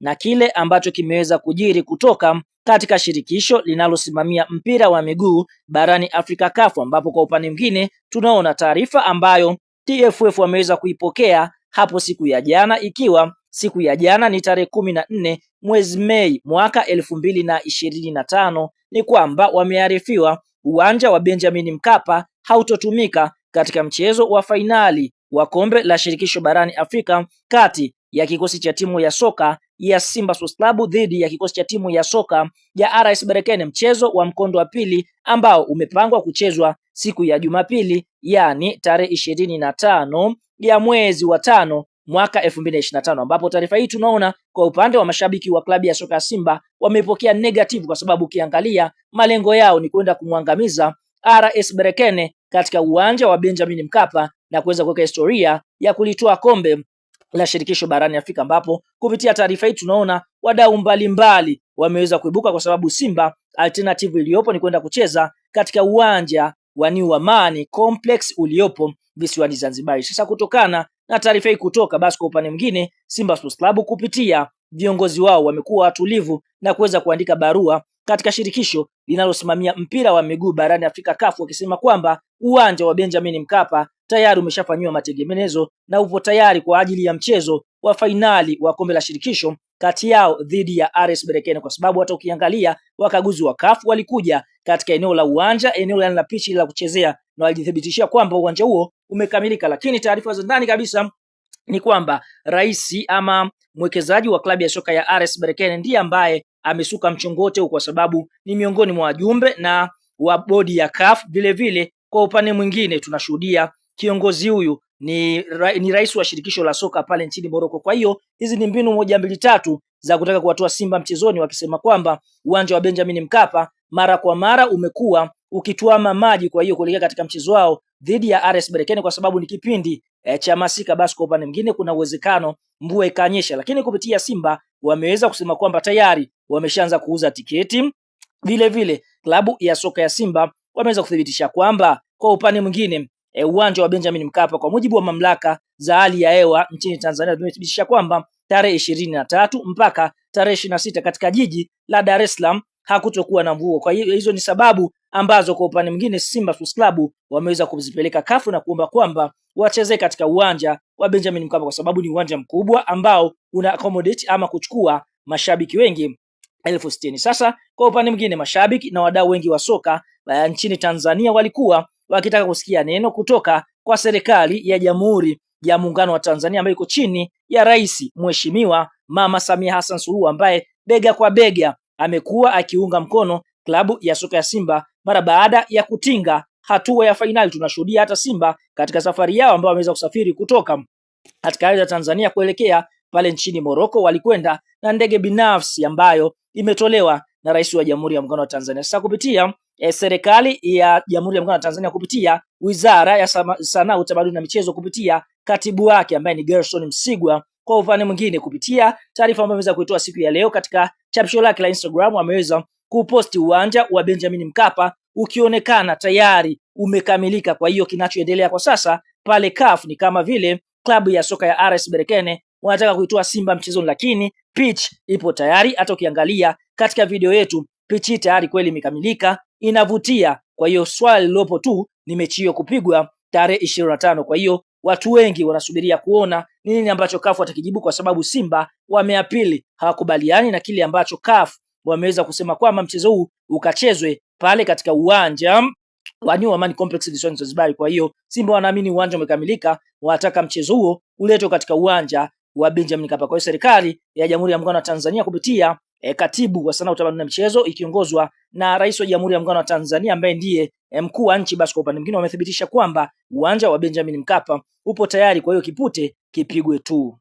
na kile ambacho kimeweza kujiri kutoka katika shirikisho linalosimamia mpira wa miguu barani Afrika kafu ambapo kwa upande mwingine tunaona taarifa ambayo TFF wameweza kuipokea hapo siku ya jana, ikiwa siku ya jana ni tarehe kumi na nne mwezi Mei mwaka elfu mbili na ishirini na tano ni kwamba wamearifiwa uwanja wa Benjamin Mkapa hautotumika katika mchezo wa fainali wa kombe la shirikisho barani Afrika kati ya kikosi cha timu ya soka ya Simba Sports Club dhidi ya kikosi cha timu ya soka ya RS Berkane, mchezo wa mkondo wa pili ambao umepangwa kuchezwa siku ya Jumapili, yani tarehe ishirini na tano ya mwezi wa tano mwaka 2025 ambapo taarifa hii tunaona kwa upande wa mashabiki wa klabu ya soka ya Simba wamepokea negative, kwa sababu ukiangalia malengo yao ni kwenda kumwangamiza RS Berkane katika uwanja wa Benjamin Mkapa na kuweza kuweka historia ya kulitoa kombe la shirikisho barani Afrika, ambapo kupitia taarifa hii tunaona wadau mbalimbali wameweza kuibuka, kwa sababu Simba alternative iliyopo ni kwenda kucheza katika uwanja wa New Amani Complex uliopo visiwani Zanzibar. Sasa kutokana na taarifa hii kutoka, basi kwa upande mwingine Simba Sports Club kupitia viongozi wao wamekuwa watulivu na kuweza kuandika barua katika shirikisho linalosimamia mpira wa miguu barani Afrika CAF, wakisema kwamba uwanja wa Benjamin Mkapa tayari umeshafanyiwa matengenezo na upo tayari kwa ajili ya mchezo wa fainali wa kombe la shirikisho kati yao dhidi ya RS Berkane, kwa sababu hata ukiangalia wakaguzi wa CAF walikuja katika eneo la uwanja, eneo la pichi la kuchezea na walijithibitishia kwamba uwanja huo umekamilika, lakini taarifa za ndani kabisa ni kwamba rais ama mwekezaji wa klabu ya soka ya RS Berkane ndiye ambaye amesuka mchongote huu, kwa sababu ni miongoni mwa wajumbe na wa bodi ya CAF. Vilevile kwa upande mwingine tunashuhudia kiongozi huyu ni, ra, ni rais wa shirikisho la soka pale nchini Morocco. Kwa hiyo hizi ni mbinu moja mbili tatu za kutaka kuwatoa Simba mchezoni, wakisema kwamba uwanja wa Benjamin Mkapa mara kwa mara umekuwa ukituama maji. Kwa hiyo kuelekea katika mchezo wao dhidi ya RS Berkane, kwa sababu ni kipindi e, cha masika, basi kwa upande mwingine kuna uwezekano mvua ikanyesha, lakini kupitia Simba wameweza kusema kwamba tayari wameshaanza kuuza tiketi. Vile vile klabu ya soka ya Simba wameweza kuthibitisha kwamba kwa upande mwingine Eh, uwanja wa Benjamin Mkapa kwa mujibu wa mamlaka za hali ya hewa nchini Tanzania zimethibitisha kwamba tarehe ishirini na tatu mpaka tarehe ishirini na sita katika jiji la Dar es Salaam hakutokuwa na mvua. Kwa hiyo hizo ni sababu ambazo kwa upande mwingine Simba Sports Club wameweza kuzipeleka kafu na kuomba kwamba wachezee katika uwanja wa Benjamin Mkapa kwa sababu ni uwanja mkubwa ambao una accommodate ama kuchukua mashabiki wengi elfu sitini. Sasa kwa upande mwingine mashabiki na wadau wengi wa soka eh, nchini Tanzania walikuwa wakitaka kusikia neno kutoka kwa serikali ya Jamhuri ya Muungano wa Tanzania ambayo iko chini ya Rais Mheshimiwa Mama Samia Hassan Suluhu ambaye bega kwa bega amekuwa akiunga mkono klabu ya soka ya Simba mara baada ya kutinga hatua ya fainali. Tunashuhudia hata Simba katika safari yao ambao wameweza kusafiri kutoka katika ardhi ya Tanzania kuelekea pale nchini Moroko, walikwenda na ndege binafsi ambayo imetolewa na Rais wa Jamhuri ya Muungano wa Tanzania. Sasa kupitia e, serikali ya Jamhuri ya Muungano wa Tanzania kupitia Wizara ya Sanaa, Utamaduni na Michezo kupitia katibu wake ambaye ni Gerson Msigwa. Kwa upande mwingine, kupitia taarifa ambayo ameweza kuitoa siku ya leo katika chapisho lake la Instagram, ameweza kuposti uwanja wa Benjamin Mkapa ukionekana tayari umekamilika. Kwa hiyo kinachoendelea kwa sasa pale CAF ni kama vile klabu ya soka ya RS Berkane wanataka kuitoa Simba mchezoni, lakini pitch ipo tayari. Hata ukiangalia katika video yetu Pichi tayari kweli imekamilika, inavutia. Kwa hiyo swali lilopo tu ni mechi hiyo kupigwa tarehe ishirini na tano. Kwa hiyo watu wengi wanasubiria kuona ni nini ambacho CAF watakijibu, kwa sababu Simba wameapili, hawakubaliani na kile ambacho CAF wameweza kusema kwamba mchezo huu ukachezwe pale katika uwanja wa New Amani Complex visiwani Zanzibar. Kwa hiyo Simba wanaamini uwanja umekamilika, wanataka mchezo huo uletwe katika uwanja wa Benjamin Mkapa. Kwa hiyo serikali ya Jamhuri ya Muungano wa Tanzania kupitia e, katibu wa sanaa, utamaduni na michezo ikiongozwa na rais wa Jamhuri ya Muungano wa Tanzania ambaye ndiye e, mkuu wa nchi. Basi kwa upande mwingine wamethibitisha kwamba uwanja wa Benjamin Mkapa upo tayari, kwa hiyo kipute kipigwe tu.